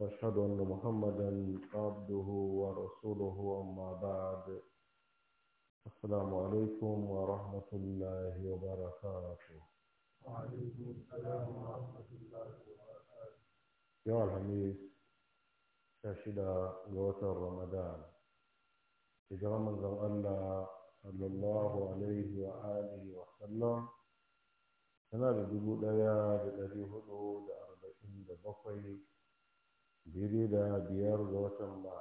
واشهد ان محمدا عبده ورسوله اما بعد السلام عليكم ورحمه الله وبركاته وعليكم السلام ورحمه الله وبركاته يا الحميد شاشدة قوات رمضان إجرام من الله صلى الله عليه وآله وسلم أنا بقول يا بلدي هدو لأربعين بقي daidai da biyar ga watan ba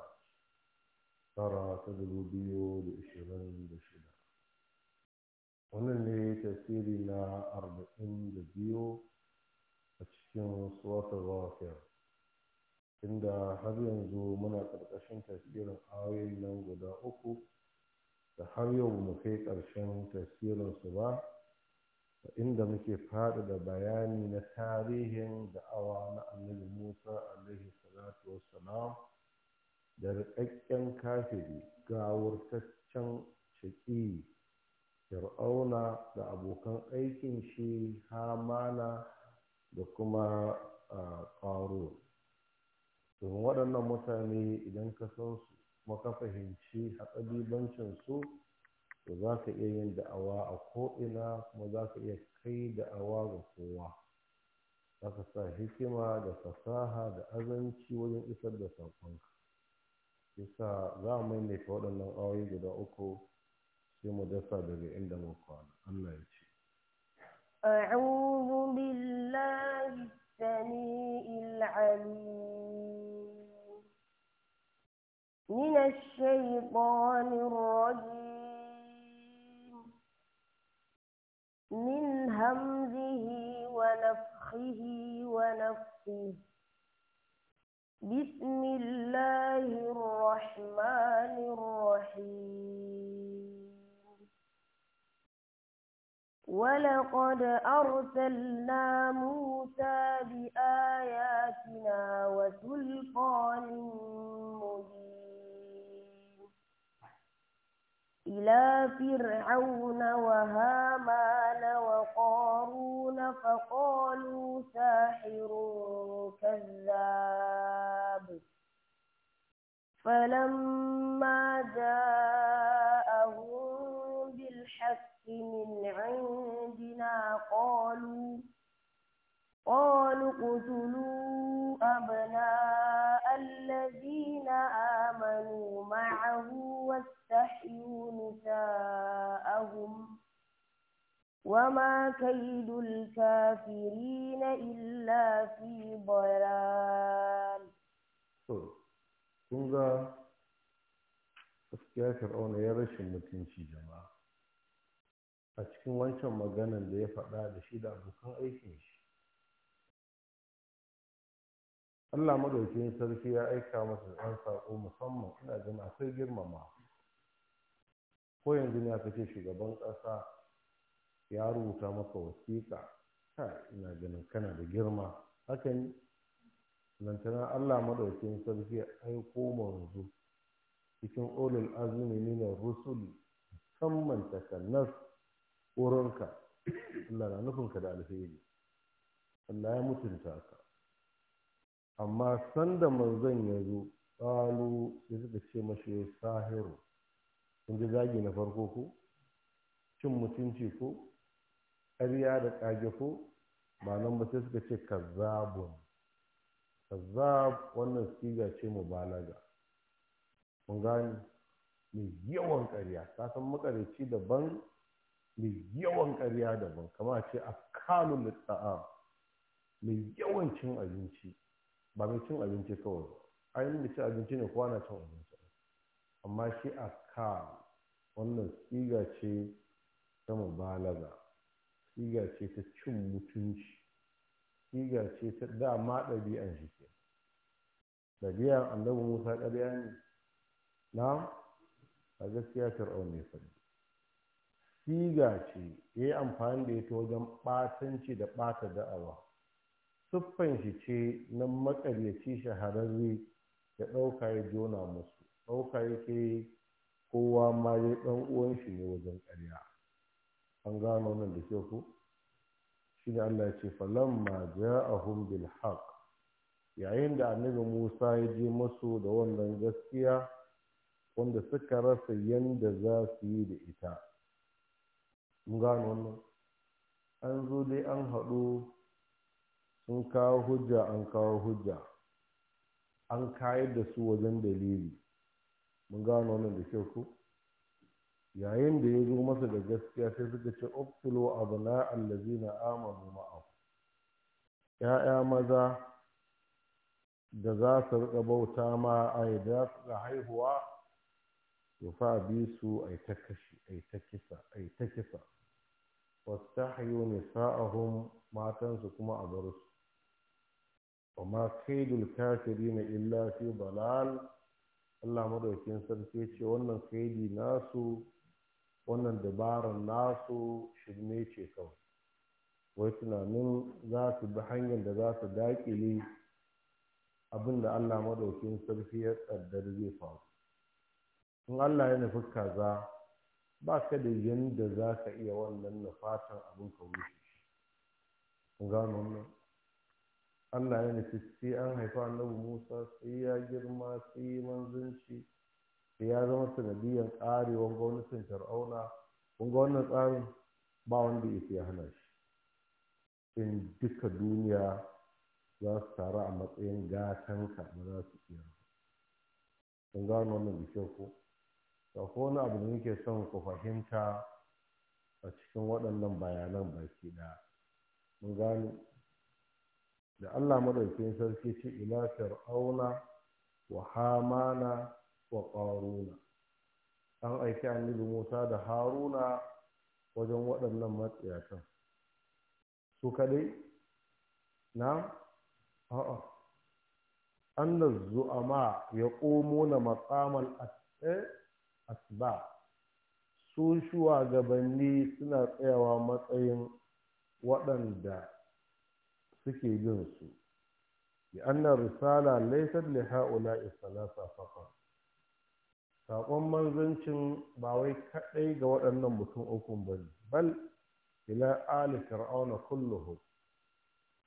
tara ta dubu biyu da ishirin da shida wannan ne tasiri na arba'in da biyu a cikin suwatar rafiyar inda har yanzu muna ƙarƙashin tasirin ayoyin nan guda uku da har yau mu kai ƙarshen tasirinsu ba inda muke faɗi da bayani na tarihin da'awa na annabi musa alaihi salatu wassalam da riƙaƙƙen kafiri gawurtaccen shaƙi fir'auna da abokan aikin shi hamana da kuma ƙaro to waɗannan mutane idan ka san su kuma ka fahimci haƙabibancin su to za ka iya yin da'awa a ko'ina kuma za ka iya kai da'awa ga kowa aka sa hikima da fasaha da azanci wajen isar da saƙonka isa za mu maimaita waɗannan ayoyi guda uku sai mu dasa daga inda mu kwana Allah ya ce من الشيطان الرجيم من همزه ونفسه ونفخه ونفخه بسم الله الرحمن الرحيم ولقد أرسلنا موسى بآياتنا وسلطان مبين إلى فرعون وهامان وقارون فقالوا ساحر كذاب فلما جاءهم بالحق من عندنا قالوا قالوا اقتلوا أبناء الذين آمنوا معه واستحيوا نساءهم وما كيد الكافرين إلا في ضلال kunga gaskiya fir'auna ya rashin mutunci jama'a a cikin wancan maganan da ya faɗa da shi da abokan aikin shi Allah madaukin sarki ya aika masa da ɗan saƙo musamman ina jin akwai girmama ko yanzu ne aka ce shugaban ƙasa ya rubuta maka wasiƙa ta ina ganin kana da girma hakan lantana Allah madaukin sarki ya aiko manzo cikin olin azumi na rusuli musamman takannas wurinka Allah na nufinka da alheri Allah ya mutunta ka amma sanda manzon ya zo ƙalu da suka ce mashi sahiru sun ji zagi na farko ko cin mutunci ko ƙarya da ƙage ko ba nan ba sai suka ce kazzabun kazab wannan siga ce mu balaga mun gani mai yawan ƙarya ta san makarici daban mai yawan ƙarya daban kama ce a kanun mai yawan cin abinci ba mai cin abinci kawai ainihin mai cin abinci ne kowa na cin abinci amma shi a ka wannan siga ce ta mubalaga siga ce ta cin mutunci siga ce ta dama ɗabi'an shi ke an annabi musa ƙarya ne na a gaskiya fir'aun ne faɗi siga ce ya yi amfani da ita wajen ɓatanci da ɓata da'awa siffan shi ce na makaryaci shahararre da ɗauka ya jona musu ɗauka yake kowa ma ya ɗan uwan shi ne wajen ƙarya an gano nan da ke ku shi ne Allah ya ce falamma a bil haq yayin da annabi Musa ya je masu da wannan gaskiya wanda suka rasa yadda za su yi da ita mun gano wannan an zo dai an haɗu sun kawo hujja an kawo hujja an kayar da su wajen dalili mun gano wannan da kyau ko yayin da ya zo masa da gaskiya sai suka ce uktulu abna allazina amanu ma'ahu ya'ya maza da za su riƙa bauta ma a da su haihuwa to fa bi su ai ta kashi ta kisa ai ta kisa matansu kuma a bar su wa ma kaidul kafirina illa fi balal, Allah madaukin sarki ce wannan kaidi nasu wannan dabarar nasu shirme ce kawai wai tunanin za su bi hanyar da za su daƙile abin da Allah madaukin sarki ya tsaddar zai faru in Allah ya nufi kaza ba ka da yanda za ka iya wannan fatan abin ka wuce shi gano wannan Allah ya nufi sai an haifa annabi Musa sai ya girma sai manzanci sai ya zama sanadiyan wani gwamnatin Fir'auna kun ga wannan tsarin ba wanda ya fi hana shi in duka duniya za su taru a matsayin gatanka ba za su iya kun gano wannan da kyau ko wani abu da nake son ku fahimta a cikin waɗannan bayanan baki ɗaya mun gano da Allah madaukin sarki ce ila fir'auna wa hamana wa qaruna an aiki annabi Musa da Haruna wajen waɗannan matsayatan su kadai na a'a anna zu'ama ya ƙomo na matsaman asba eh, su gabanni suna tsayawa matsayin waɗanda suke bin su bi annan risala laisar li ha'ula'i salasa saƙon manzancin ba wai kaɗai ga waɗannan mutum ukun ba ne bal ila ali fir'auna kulluhu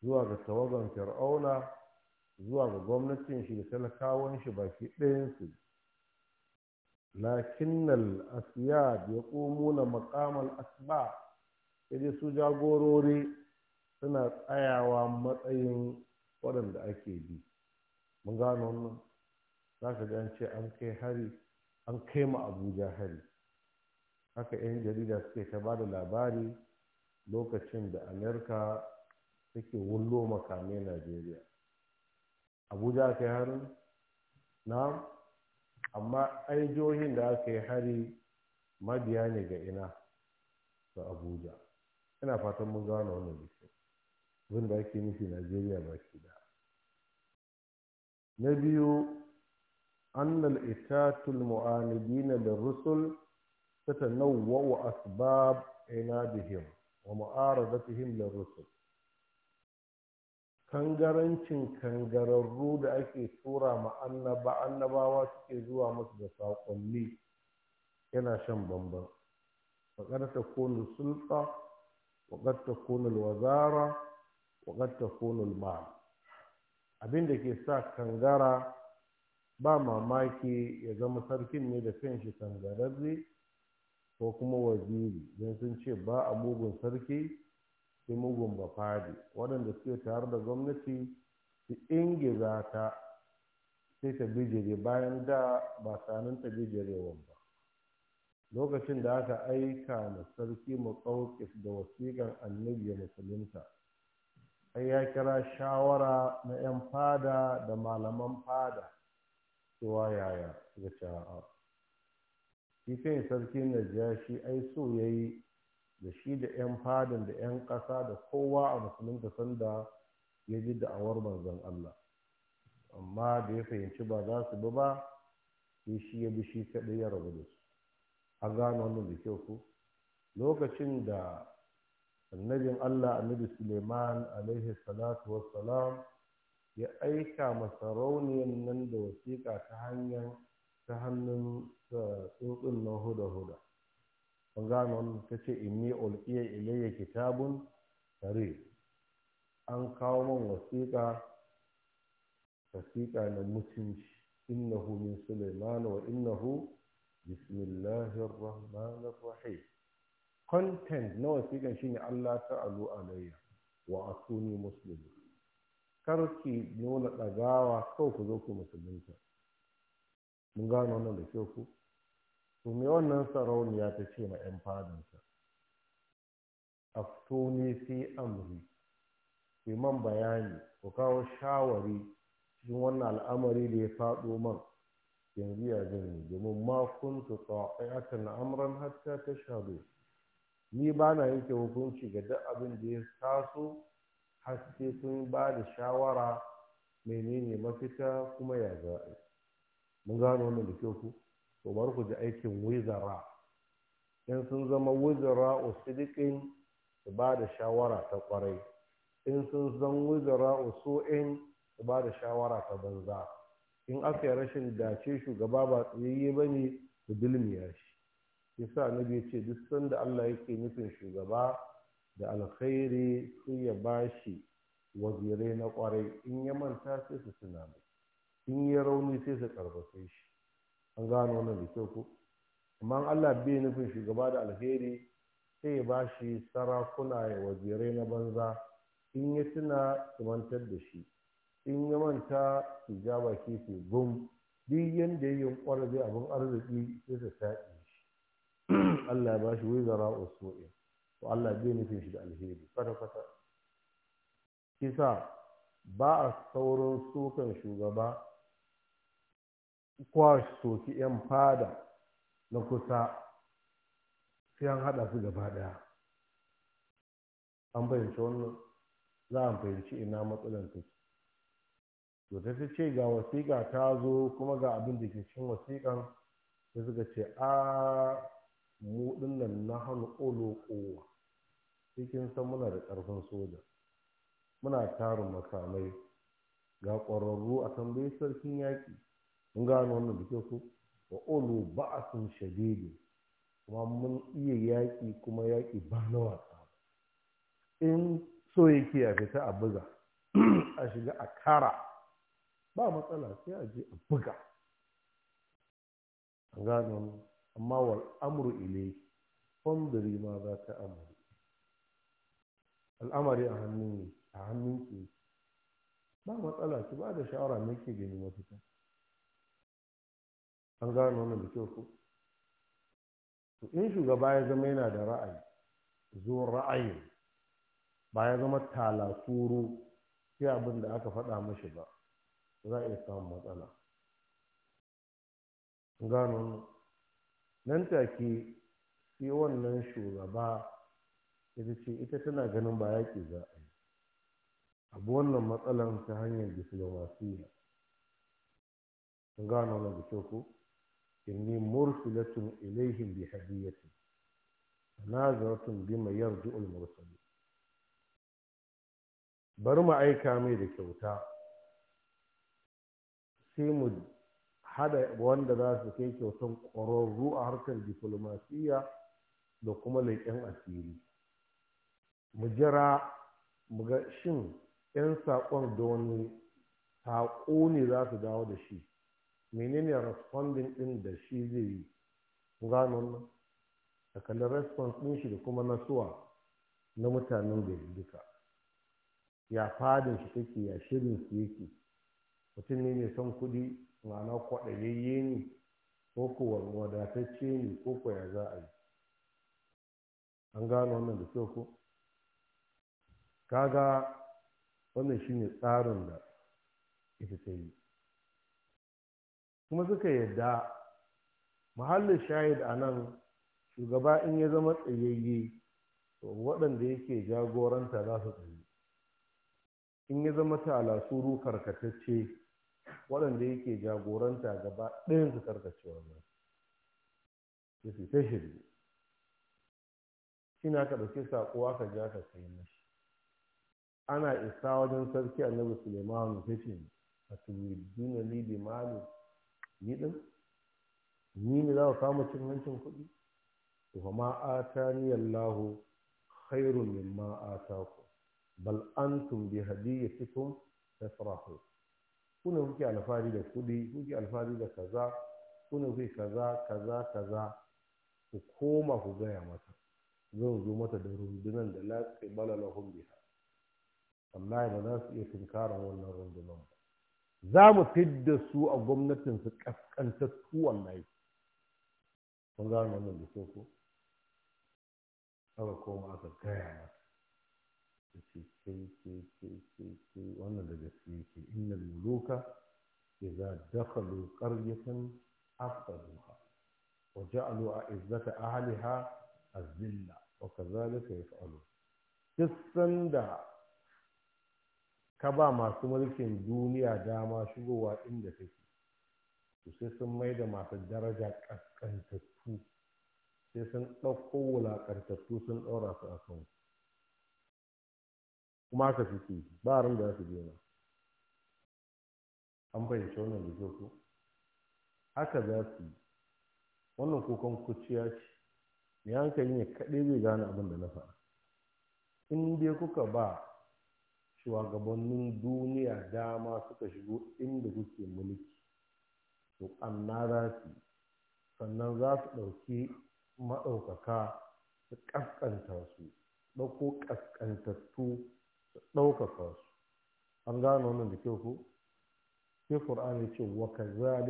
zuwa ga tawagan fir'auna zuwa ga gwamnatin shi da talakawan shi baki ɗayansu lakinnan asiyad ya ƙomo na maƙamal asba Ya je su jagorori suna tsayawa matsayin waɗanda ake bi mun gano wannan za ka gan ce an kai hari an kai ma abuja hari haka 'yan jarida suke ta ba da labari lokacin da amerika take wullo makamai najeriya abuja kai yi harin na amma aijohin da aka yi hari mabiya ne ga ina ga abuja ina fatan mun gano wannan abin da ake nufi najeriya ba ke da na biyu annal itatul mu'anidina da rusul wa asbab inadihim wa mu'aradatihim da rusul kangarancin kangararru da ake tura ma annaba annabawa suke zuwa musu da saƙonni yana shan bambam. faƙar ta kone sulfa faƙar ta kone wazara Waƙar qad ba, ma abin da ke sa kangara ba mamaki ya zama sarkin ne da kanshi kangararri ko kuma waziri don sun ce ba a mugun sarki sai mugun fadi. waɗanda suke tare da gwamnati su ingiza ta sai ta bijire bayan da ba sanin ta bijirewan ba lokacin da aka aika na sarki mu da wasiƙan annabi ya musulunta sai ya kira shawara na 'yan fada da malaman fada cewa yaya ga sha'a shi kai sarki najashi ai so ya yi da shi da 'yan fadin da 'yan ƙasa da kowa a ta sanda ya ji da awar manzan Allah amma da ya fahimci ba za su ba ba sai shi ya bi shi kaɗai ya rabu da su a gano wannan da kyau ku lokacin da annabin Allah annabi Suleiman alaihi salatu wassalam ya aika masarauniyar nan da wasiƙa ta hanyar ta hannun tsuntsun na huda-huda kun gano ta ce inni ulqiya ilayya kitabun tare an kawo min wasiƙa wasiƙa na mutunci innahu min suleiman wa innahu bismillahir rahmanir rahim content na wasiƙan shine Allah ta alayya wa a suni kar ki nuna ɗagawa kawai ku zo ku musulunta mun gano wannan da kyau ku to me wannan sarauniya ta ce ma 'yan fadansa suni fi amri ku man bayani ku kawo shawari cikin wannan al'amari da ya faɗo man yanzu ya zan domin ma kuntu ta'atan amran hatta tashhadu ni ba na yanke hukunci ga duk abin da ya taso haske sun ba da shawara menene mafita kuma ya za mun gano wannan da kyau ku to bari ku ji aikin wizara in sun zama wizara sidikin su ba da shawara ta kwarai in sun zama wizara so'in su ba da shawara ta banza in aka yi rashin dace shugaba ba tsayayye ba ne su dulmiya shi yasa annabi ya ce duk sanda Allah yake nufin shugaba da alkhairi sai ya bashi wazirai na kwarai in ya manta sai su suna mai in ya rauni sai su karbace shi an gano wannan da kyau ko amma Allah bai nufin shugaba da alheri sai ya ba sarakuna ya wazirai na banza in ya tuna su mantar da shi in ya manta su ja baki su gum duk yanda yayin yi abin arziki sai su taɗi Mm. Allah ya bashi wizara usu'i to Allah bai nufin shi da alheri kwata kwata kisa ba a saurin sukan shugaba kwa soki yan fada na kusa sai an haɗa su gaba ɗaya an fahimci wannan za a fahimci ina matsalan take to ta ce ga wasiƙa ta zo kuma ga abin da ke cikin wasiƙan sai suka ce a mu dinnan na hannu olo kowa cikin san muna da ƙarfin soja muna tarin makamai ga ƙwararru a tambayi sarkin yaƙi mun gano wannan da ke so wa olo sun shadidin kuma mun iya yaƙi kuma yaƙi ba na wasa in so yake a fita a buga a shiga a kara ba matsala sai a je a buga a gano amma wal amru ilayki fandari ma za ta amuri al'amari a hannun ne a hannun ke ba matsala ki ba da shawara me ke gani mafita an gano wannan da kyau ko in shugaba ya zama yana da ra'ayi zo ra'ayi ba ya zama talaturu sai abin da aka faɗa mashi ba za a iya samun matsala gano nan take shi wannan shugaba ita ce ita tana ganin ba yaƙi za a yi abu wannan matsalan ta hanyar diplomasiya gano na da ku inni mursilatun ilaihim bi hadiyatin nazaratun bima al mursalin bari mu aika mai da kyauta sai mu hada wanda za su kai kyautan ƙwararru a harkar diflomasiyya da kuma leƙen asiri mu jira mu ga shin 'yan saƙon da wani saƙo ne za su dawo da shi menene responding ɗin da shi zai yi gano nan da response ɗin shi da kuma nasuwa na mutanen da duka ya fadin shi take ya shirin su yake mutum ne mai son kuɗi ma'ana kwaɗayayye ne ko kuwa wadatacce ne ko kwaya za a yi an gano wannan da kyau ko kaga wannan shine tsarin da ita ta yi kuma suka yadda muhallin shahid a nan shugaba in ya zama tsayayye to waɗanda yake jagoranta za su tsaye in ya zama talasuru karkatacce waɗanda yake jagoranta gaba ɗayan su karkace wannan ya fi ta shirya. shi na ka ɗauki saƙo aka ja ka kai mashi ana isa wajen sarki annabi suleiman ta ce a turiduna na bi malu ni ɗin ni ne za ku kama cin hancin kuɗi to fa ma atani allahu khairun ta ku. bal antum bi hadiyatikum tafrahu kuna kuke alfahari da kuɗi kuke alfahari da kaza kuna kuke kaza kaza kaza ku koma ku gaya mata zan zo mata da rundunan da na la qibala lahum biha wallahi ba za su iya tunkaran wannan rundunan ba za mu fidda su a gwamnatin su kaskantattu wallahi kun gano wannan da soko aka koma aka gaya mata ta ce kai kai kai kai wannan da gaske yake innal muluka idza dakhalu qaryatan afsaduha wa ja'alu a'izzata ahliha azilla wa kadhalika yaf'alu duk da ka ba masu mulkin duniya dama shigowa inda take to sai sun mai da masu daraja ƙasƙantattu sai sun ɗauko wulaƙantattu sun ɗora su a kanku kuma haka suke ba ran da za su daina an fahimci wannan da kyau ko haka za su yi wannan kukan kuciya ce mai hankali ne kaɗai zai gane abin da na faɗa in dai kuka ba shugabannin duniya dama suka shigo inda kuke mulki to anna za su yi. sannan za su ɗauki maɗaukaka su ƙasƙanta su ɗauko ƙasƙantattu ɗaukaka su an gano wannan da kyau ku. sai qur'ani ya ce wa ka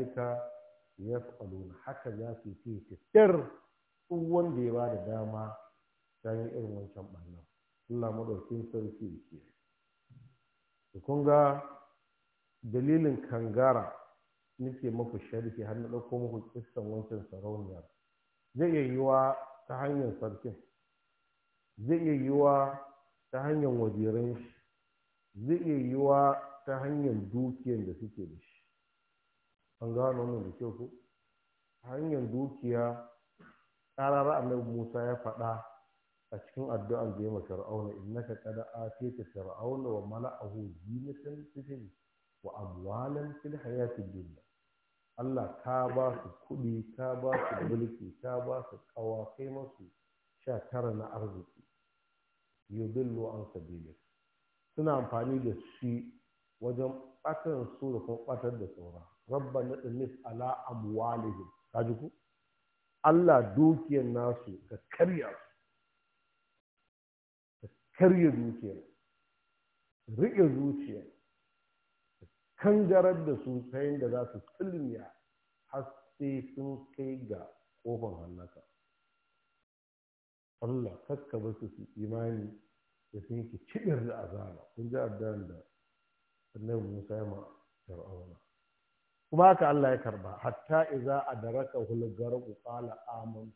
ya yas'aluna haka za su yi fitar duk wanda ya bada dama dan irin wancan bannan Allah maɗaukin sarki ke da kun ga dalilin kangara nake muku sharhi har na ɗauko muku kissan wancan sarauniyar zai iya yiwa ta hanyar sarkin zai iya yiwa ta hanyar wajeran shi zai iya wa ta hanyar dukiyar da suke da shi an gano wannan da kyau ko hanyar dukiya ƙarar annabi musa ya faɗa a cikin addu'ar da ya ma fir'auna innaka ce ta fir'auna wa mala'ahu zinatan fil wa amwalan fil hayati dunya Allah ka ba su kuɗi ta ba su mulki ka ba su ƙawa kai masu sha tara na arziki yudillu an sabili suna amfani da shi wajen ɓatar su da kuma batar da saura rabbana tumis ala amwalihi kaji ku Allah dukiyar nasu ka karya su ka karya dukiyar riƙe zuciya ka kangarar da su ta da za su tsilmiya har sai sun kai ga kofar hannaka Allah kakka ba su imani da sun yake ciɗar da azaba kun ji addu'an da annabi Musa ya ma fir'auna kuma haka Allah ya karba hatta idza adraka hul garqu qala amin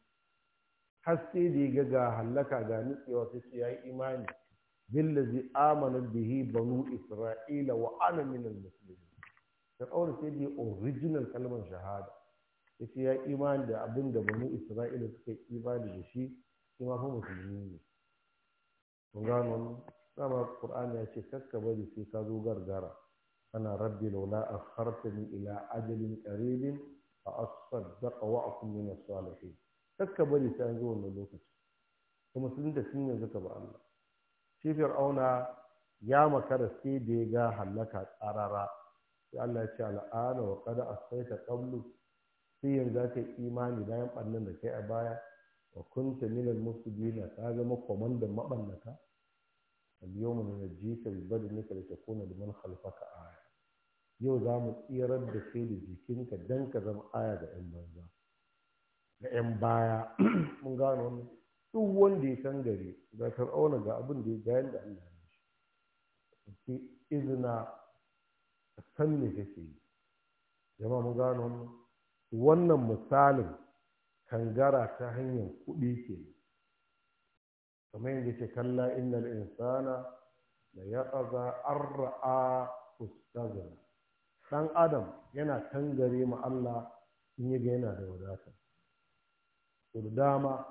har sai da ya ga halaka ga nutsewa sai ce yayi imani billazi amana bihi banu isra'ila wa ana min almuslimin fir'auna sai da original kalmar shahada yace ya imani da abin da banu isra'ila suka imani da shi shi fa musulmi ne mun gano dama qur'ani ya ce kakka bari sai ka zo gargara ana rabbi laula akhartani ila ajalin qaribin fa asaddaqa wa akun min as-salihin kakka bari sai an zo wannan lokaci kuma sun da sun yanzu ka ba Allah shi fir'auna ya makara sai da ya ga halaka tsarara sai Allah ya ce al'ana wa qad asayta qablu sai yanzu ka imani bayan ɓannan da kai a baya wa kunta minal musbina ka zama kwamandan maballaka al-yawma nunajjika bi badanika li takuna liman halfaka aya yau za mu tsirar da ke da jikinka dan ka zama aya ga yan banza ga yan baya mun gano wannan duk wanda ya san gari ga auna ga abin da ya ga yanda Allah ya mishi izina san me kake yi jama'a mun gano wannan wannan misalin kangara ta hanyar kuɗi ke kamar yadda ke kalla innal insana da ya tsaza arra'a ustazana ɗan adam yana tangare ma Allah in yi ga yana da wadata da dama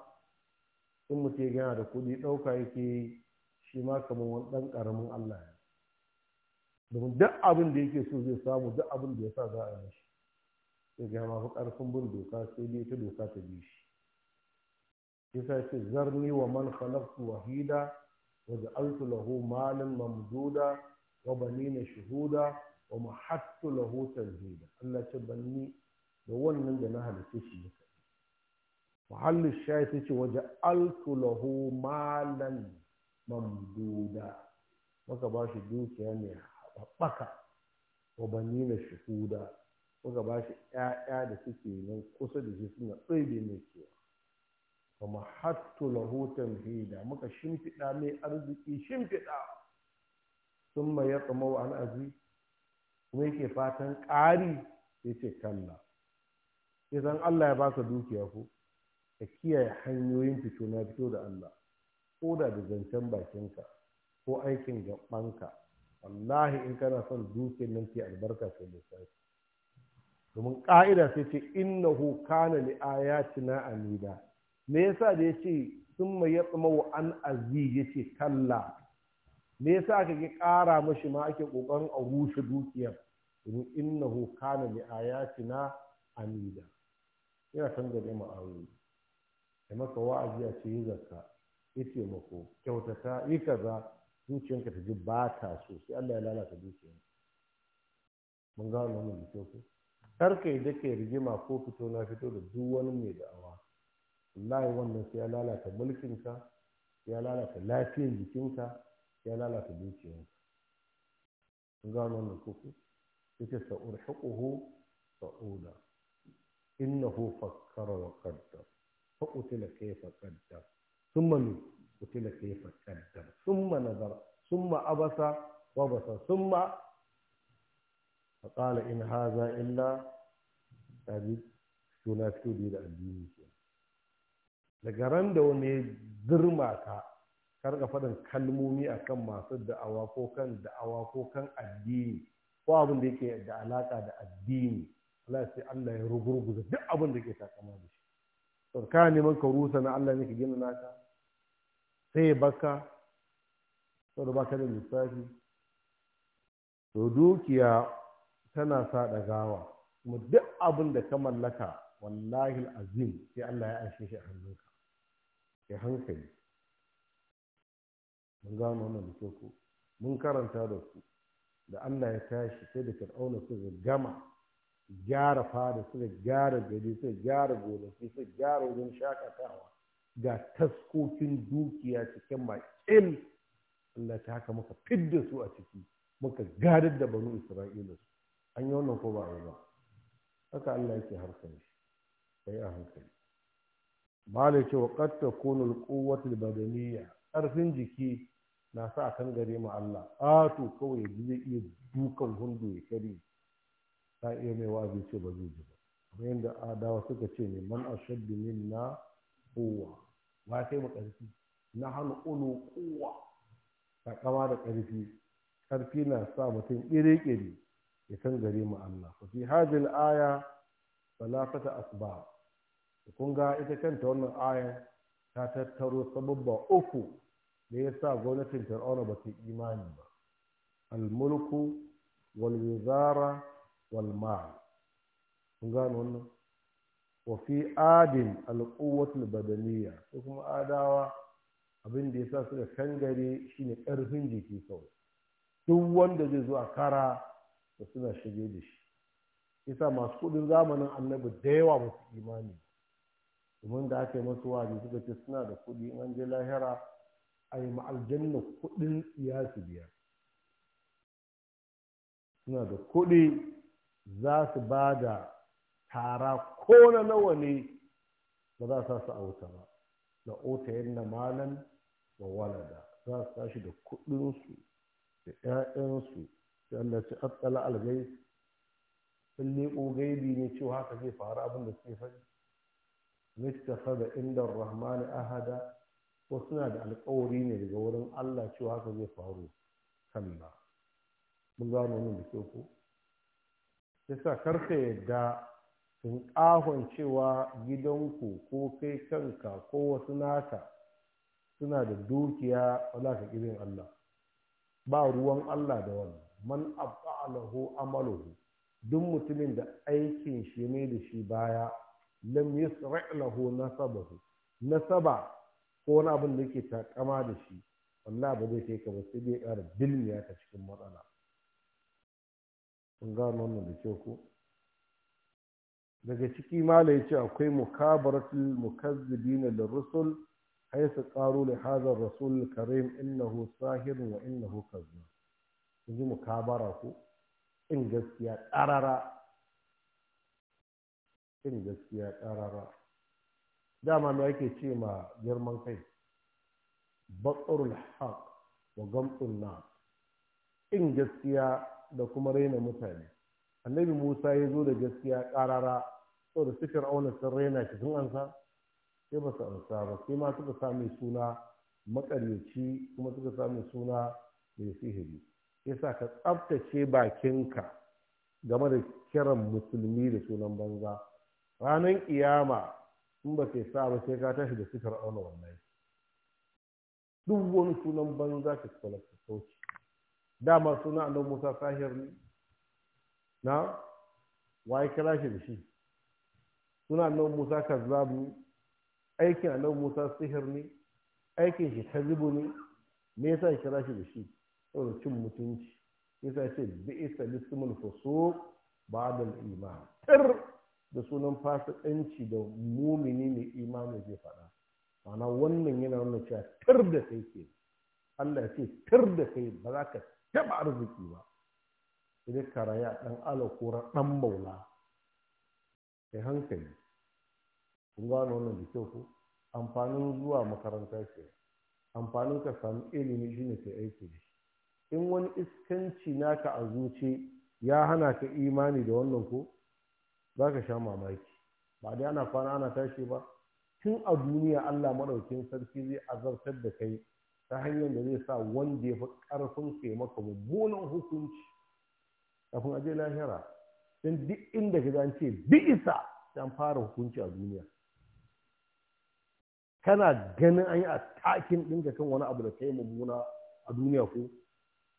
in mutum yana da kuɗi ɗauka yake shi ma kamar wani ɗan ƙaramin Allah ya domin duk abin da yake so zai samu duk abin da ya sa za a yi shi sai ga mafi ƙarfin bin doka sai dai ta doka ta bi shi sai ce zarni wa man khalaqtu wahida wa ja'altu lahu malan mamduda wa banina shuhuda wa mahattu lahu tanhida Allah ce banni da wannan da na halitta shi ne muhallin shayi ta ce waje altu lahu malan mamduda maka ba shi dukiya mai haɓaka wa banina shuhuda kuka ba shi ‘ya'ya da suke nan kusa da shi suna ɗaiɗe mai ba kuma hattu lahutan hida muka shimfiɗa mai arziki shimfiɗa sun mai ya tsama wa al'azi kuma yake fatan ƙari ya ce kalla san Allah ya baka dukiya ko ka kiyaye hanyoyin fito na fito da Allah ko da da zancen bakinka ko aikin gabanka wallahi in kana son dukiyar nan ke albarka sai lissafi domin ƙa'ida sai ce hu kana li na amida. me yasa da ya ce yace summa wa an azi ya ce kalla me yasa aka ki ƙara mashi ma ake ƙoƙarin a rushe dukiyar domin hu kana li na amida. Ina kan gare mu ma'aru da maka wa'azi a ce yi ya yi taimako kyautata yi kaza zuciyanka ta ji ba ta so sai Allah ya lalata dukiyar mun gano mun da kyau kar ka yi ke rigima ko fito na fito da duk wani mai da'awa wallahi wannan sai ya lalata mulkinka ya lalata lafiyar jikinka ya lalata dukiyarka kun gano wannan kuku yace sa'ur urhiquhu sa'uda innahu fakkara wa qaddar fa qutila kayfa summa thumma qutila kayfa qaddar summa nazara summa abasa wa basa thumma faƙala in haza illa ɗari suna fito da da addini ke daga ran da wani ya zirma ka karka faɗin kalmomi akan masu da'awa ko kan da'awa ko kan addini ko abin da yake da alaƙa da addini Allah sai Allah ya rugurguza duk abin da ke takama da shi neman ka rusa na Allah ne ka gina naka sai ya baka saboda baka da lissafi to dukiya tana sa gawa kuma duk abin da ka mallaka wallahi azim sai Allah ya aishe shi a hannunka ya hankali mun gano wannan da ku mun karanta da su da Allah ya tashi sai da fir'auna suka gama gyara fada suka gyara gari suka gyara gonaki suka gyara wajen shakatawa ga taskokin dukiya cikin maƙil Allah ta haka muka fidda su a ciki muka gadar da banu Isra'ila su an yi wannan ko ba a yi ba haka Allah yake harkar shi sai a hankali malai ce wa qad takunu al badaniyya karfin jiki na sa a kan gare mu Allah ato kawai yanzu zai iya dukan hundu ya kare ta iya mai wa'azi ce ba zai ji ba kamar yadda adawa suka ce ne man ashaddu minna kowa ba kai mu karfi na hannu ulu kowa ta kama da ƙarfi. Ƙarfi na sa mutum ire-ire ya san gare mu Allah fa fi hadhihi al-aya salafata asba kun ga ita kanta wannan aya ta tattaro sababba uku da ya sa gwamnatin fir'auna ba ta imani ba al-mulku wal wizara wal ma'a kun wannan wa fi adin al-quwwatul badaniyya kuma adawa abin da ya sa suka kangare shine karfin jiki kawai duk wanda zai zo a kara da suna shige da shi isa masu kudin zamanin annabi da yawa masu imani domin da aka yi masu waje suka ce suna da kudi in an je lahira a yi ma'aljanna kudin siyasi biyar suna da kudi za su ba da tara ko na nawa ne ba za su sa su auta ba da ota yadda malan wa walada za su tashi da kudinsu da 'ya'yansu sai Allah ce atsala algai sun leƙo gaibi ne cewa haka zai faru abin da suke faɗi mistafa da inda rahmani ahada ko suna da alkawari ne daga wurin Allah cewa haka zai faru kalla mun gano wannan da kyau ko yasa karka yadda sun ƙahon cewa gidanku ko kai kanka ko wasu naka suna da dukiya wala ka Allah ba ruwan Allah da wannan man alahu amaluhu duk mutumin da aikin shi ne da shi baya lam yusra lahu nasabahu nasaba ko wani abin da yake takama da shi wallahi ba zai kai ka ba sai dai ƙara bilmiya ta cikin matsala kun gano wannan da ke ko daga ciki mala ya ce akwai mukabaratul mukazzibina da haythu qalu li hadha ar-rasul karim innahu sahirin, wa innahu kazzab kun mukabara ku. in gaskiya ƙarara in gaskiya ƙarara dama me ake ce ma girman kai batsarul haq wa gamtsun na in gaskiya da kuma raina mutane annabi musa ya zo da gaskiya ƙarara sau da sukar auna sun raina shi sun ansa sai ba su ansa ba sai ma suka sami suna maƙaryaci kuma suka sami suna mai sihiri yasa ka tsabtace bakinka game da kiran musulmi da sunan banza ranar kiyama in ba sai sa ba sai ka tashi da sukar auna wannan. duk wani sunan banza ka kula ka sauki dama suna annabi Musa sahir ne na waye kira shi da shi suna annabi Musa kazzab ne aikin annabi Musa sihir ne aikin shi kazibu ne me yasa kira shi da shi saboda cin mutunci yasa ce bi isa lismul fusuq ba'da iman tir da sunan fasikanci da mumini ne imani zai faɗa Mana wannan yana nuna cewa tir da kai ke Allah ya ce tir da kai ba za ka taɓa arziki ba idan ka rayu a ɗan alakura ɗan maula kai hankali kun gano wannan da kyau ko amfanin zuwa makaranta ce amfanin ka samu ilimi shine sai aiki da shi in wani iskanci naka a zuci ya hana ka imani da wannan ko za ka sha mamaki ba dai ana kwana ana tashi ba tun a duniya allah maɗaukin sarki zai azartar da kai ta hanyar da zai sa wanda ya fi ƙarfin kai maka mummunan hukunci kafin aje lahira don duk inda ka an ce bi'isa an fara hukunci a duniya kana ganin an yi a takin ɗinka kan wani abu da kai mummuna a duniya ko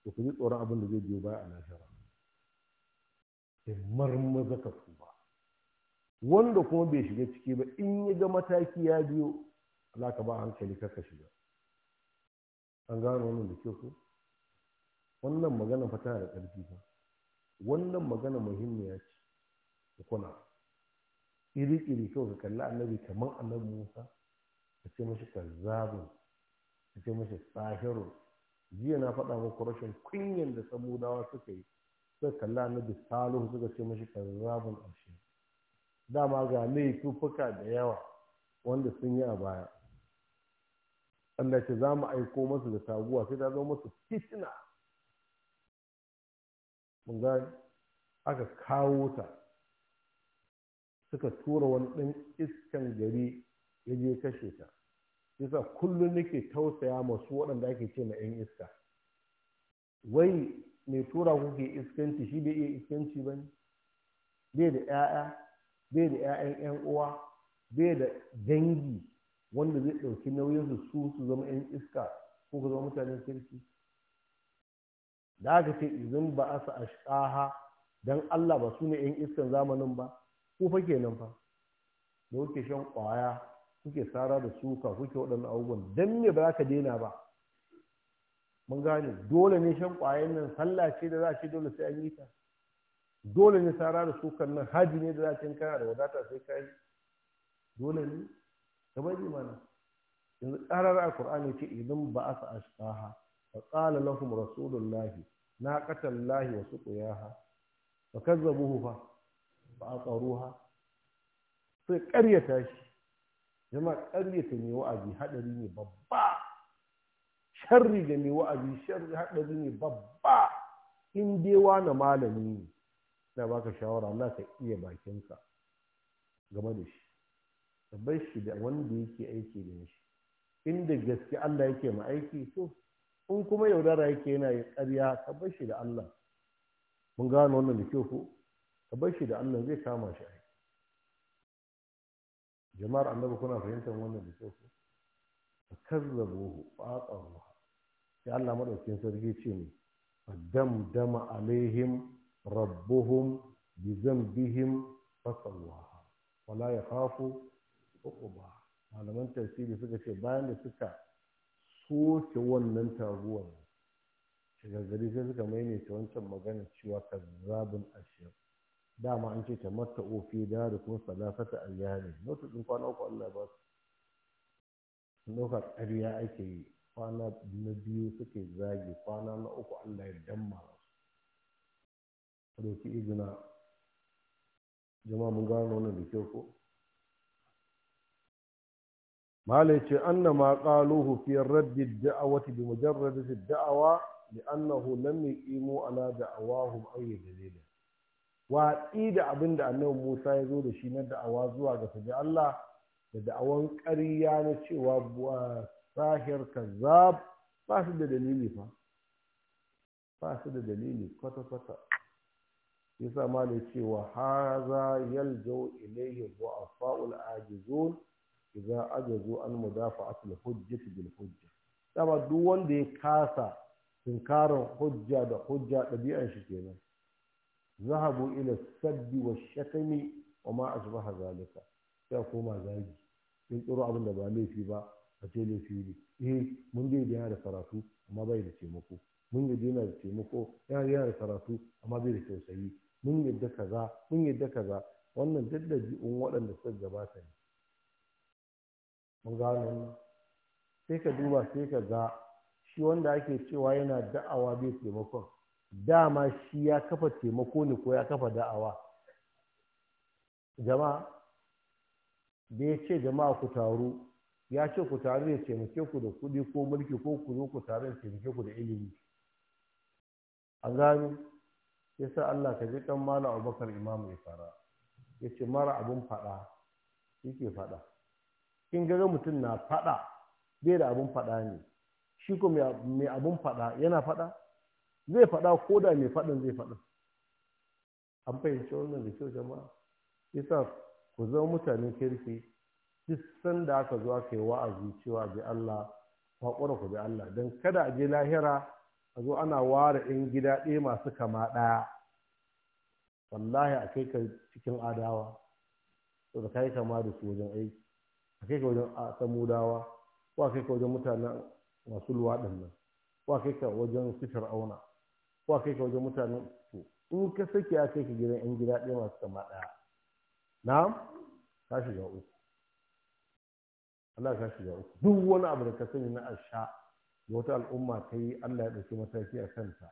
to ku ji tsoron abin da zai biyo baya a lahira sai marmaza ka ba wanda kuma bai shiga ciki ba in ya ga mataki ya biyo za ka ba hankali kaka shiga an gano wannan da kyau ko wannan magana fa tana da ƙarfi ba wannan magana muhimmiya ce ku kuna iri-iri kawai ka kalli annabi kamar annabi musa ka ce mashi kazzabin ka ce mashi tsahirun jiya na faɗa muku rashin kunyan da samudawa suka yi suka kalla da salihu suka ce mashi kazzabun ashe dama ga laifuka da yawa wanda sun yi a baya Allah ce za mu aiko masu da taguwa sai ta zo masu fitina mun ga aka kawo ta suka tura wani ɗan iskan gari ya je kashe ta yasa kullum nake tausaya masu waɗanda ake ce na 'yan iska wai mai tura kuke iskanci shi bai iya iskanci ba ne bai da 'ya'ya bai da 'ya'yan 'yan uwa bai da dangi wanda zai ɗauki nauyin su su zama 'yan iska ko ku zama mutanen kirki da aka ce izin ba a sa ashqaha dan Allah ba su ne 'yan iskan zamanin ba ko fa kenan fa da kuke shan ƙwaya kuke sara da suka kuke waɗannan abubuwan don me ba za ka daina ba mun gane dole ne shan ƙwayan nan sallah ce da za a ce dole sai an yi ta dole ne sara da sukan nan haji ne da za a ce kana da wadata sai ka yi dole ne ka bari mana yanzu Alƙur'an alƙur'ani ce idan ba a sa ashqaha fa qala lahum rasulullahi naqatan lahi wa suqiyaha fa kazzabuhu fa fa aqaruha sai karyata shi zama ta mai wa'azi haɗari ne babba sharri da mai wa'azi sharri haɗari ne babba in dai wani malami ne na baka shawara na ka iya bakinka game da shi tabbai shi da wanda yake aiki da shi inda gaske Allah yake ma aiki to in kuma yaudara yake yana yi ƙarya ka bar shi da Allah mun gano wannan da kyau ko ka bar shi da Allah zai kama shi aiki jama'ar annabi kuna fahimtar wannan da kyau fa buhu fatsar aqahu ya Allah maɗaukin sarki ce ne dam dama alaihim rabbuhum bi zambihim fatsar sawaha wala ya uku ba malaman tafsiri suka ce bayan da suka soke wannan da shagagari sai suka maimaita wancan magana cewa zabin ashirin dama an ce tamatta ofi da kuma salasata a yare notu ɗin kwana uku Allah ba su ɗauka ƙarya ake yi kwana na biyu suke zage, kwana na uku Allah ya damma su roki izina jama'a mun gano wannan da kyau ko malai ce anna ma qaluhu fi raddi da'awati bi mujarrad da'awa li'annahu lam yuqimu ala da'awahum ay dalilin watsi da abin da annabi musa ya zo da shi na da'awa zuwa ga sabi allah da da'awan ƙarya na cewa sahir kazzab ba su da dalili fa ba su da dalili kwata-kwata sa ma da cewa haza yaljau ilayhi du'afa'ul ajizun idza ajazu an mudafa'atul hujjati bil hujja dama duk wanda ya kasa tunkarin hujja da hujja ɗabi'an shi kenan zahabu ila sabbi wa shatami wa ma asbaha zalika sai koma zagi sun tsoro abin da ba laifi ba a ce laifi ne eh mun je da yana da karatu amma bai da taimako mun yadda yana da taimako yana yana da karatu amma bai da tausayi mun yadda kaza mun yadda kaza wannan duk da ji'un waɗanda suka gabata ne mun gano sai ka duba sai ka ga shi wanda ake cewa yana da'awa bai taimakon dama shi ya kafa taimako ne ko ya kafa da'awa jama'a da ya ce jama'a ku taru ya ce ku taru ya taimake ku da kuɗi ko mulki ko ku zo ku taru ya taimake ku da ilimi a gano sa Allah ka ji kan mala Abubakar Imam ya fara Ya ce mara abin faɗa ke faɗa kin ga mutum na faɗa bai da abin faɗa ne shi ko mai abin faɗa yana faɗa zai faɗa ko da mai faɗin zai faɗa an fahimci wannan da kyau jama'a yasa ku zama mutanen kirki duk sanda aka zo aka yi wa'azi cewa bi Allah kwakwara ku bi Allah don kada a je lahira a zo ana ware 'yan gida ɗaya masu kama ɗaya wallahi a kai ka cikin adawa da ka yi kama da su wajen aiki a kai ka wajen samudawa ko a kai ka wajen mutanen masu luwaɗin nan ko a kai ka wajen fitar auna. ko a kai ka wajen mutanen to in ka sake a kai ka gidan yan gida ɗaya masu kama ɗaya na ka shiga uku Allah ka shiga uku duk wani abu da ka sani na asha da wata al'umma ta yi Allah ya ɗauki mataki a kanta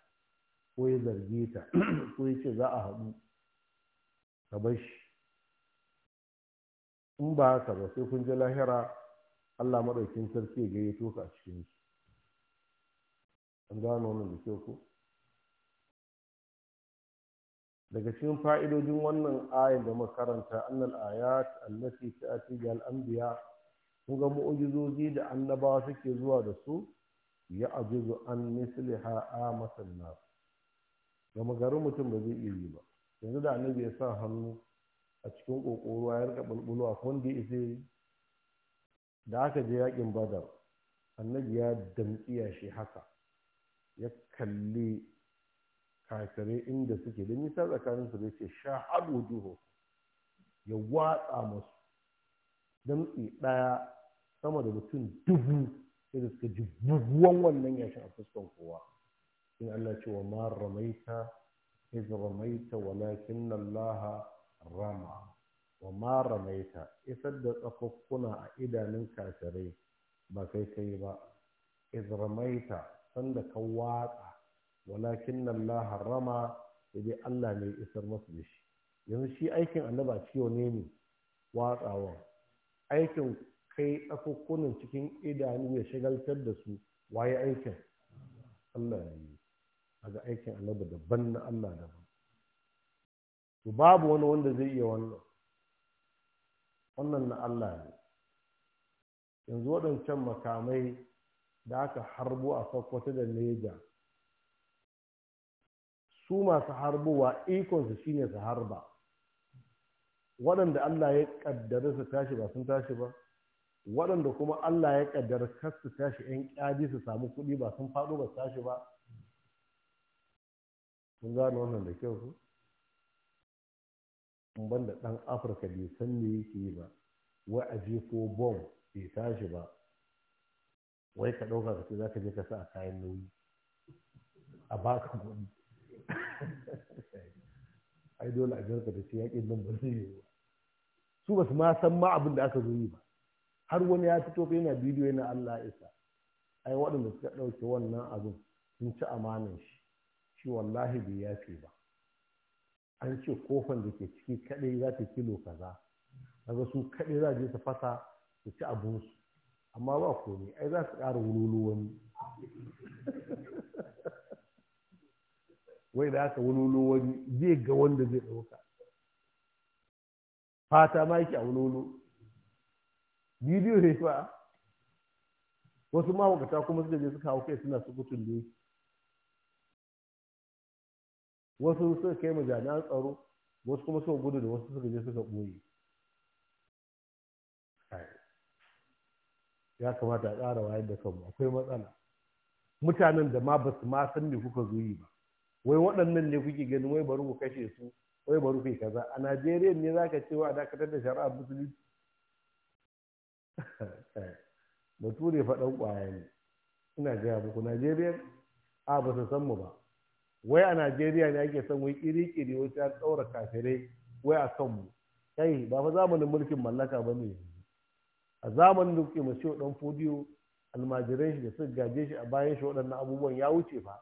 ko ya zarge ta ko ya ce za a haɗu ka bar shi in ba haka ba sai kun je lahira Allah maɗaukin sarki ya gayyato ka a cikin shi an gano da kyau ko daga cikin fa'idodin wannan ayan da makaranta annal ayat allati ta'ti bil anbiya kun ga mu'ujizoji da annabawa suke zuwa da su ya ajizu an misliha a nas gama garin mutum ba zai iya yi ba yanzu da annabi ya sa hannu a cikin kokoro ya rika bulbulu a wanda ya sai da aka je yakin badar annabi ya damtsiya shi haka ya kalli kafirai inda suke da nisa tsakanin su zai ce sha'abu duhu ya watsa masu damtsi ɗaya sama da mutum dubu sai da suka ji buguwan wannan yashin a fuskan kowa in Allah ce wa ma ramaita iz ramaita walakin Allah rama wa ma ramaita isar da tsafaffuna a idanun kafirai ba kai kai ba iz ramaita sanda ka watsa walakin nan harama sai dai Allah ne isar masu da shi yanzu shi aikin annaba ciwo ne ne watsawa aikin kai tsakokunan cikin idanu ya shagaltar da su waye aikin Allah ne daga aikin annaba daban na Allah daban to babu wani wanda zai iya wannan wannan na Allah ne yanzu waɗancan makamai da aka harbo a sakwata da neja su masu harbowa ikonsu shine su harba waɗanda Allah ya ƙaddari su tashi ba sun tashi ba waɗanda kuma Allah ya ƙaddari kar su tashi 'yan ƙyaji su samu kuɗi ba sun faɗo ba su tashi ba sun gano wannan da kyau su in ban da ɗan afirka bai san me yake yi ba wai a je ko bom bai tashi ba wai ka ɗauka ka ce za ka je ka sa a kayan nauyi a baka kuɗi ai dole a jarka da shi yakin nan ba zai yi ba su basu ma san ma abin da aka zo yi ba har wani ya fito ko yana bidiyo yana Allah ya isa ai waɗanda suka ɗauke wannan abin sun ci amanan shi shi wallahi bai yafe ba an ce kofan da ke ciki kaɗai za ta kilo kaza kaza su kaɗai za je su fasa su ci su amma ba komai ai za su ƙara wululu wani wai da aka wani wani zai ga wanda zai ɗauka fata ma yake a wani wani bidiyo ne fa wasu mahaukata kuma suka je suka hau kai suna subutun da wasu suka kai ma jami'an tsaro wasu kuma suka gudu da wasu suka je suka ɓoye ya kamata a ƙara wayar da kanmu akwai matsala mutanen da ma ba su ma san me kuka zo yi ba wai waɗannan ne kuke gani wai bari ku kashe su wai bari ku kaza a najeriya ne za ka cewa a dakatar da shari'ar musulunci bature faɗan ƙwaya ne ina gaya muku najeriya a ba su san mu ba wai a najeriya ne ake san wai kiri-kiri wai ta ɗaura kafirai wai a kan mu kai ba fa zamanin mulkin mallaka ba ne a zamanin da kuke mace ɗan fodiyo almajiran shi da suka gaje shi a bayan shi waɗannan abubuwan ya wuce fa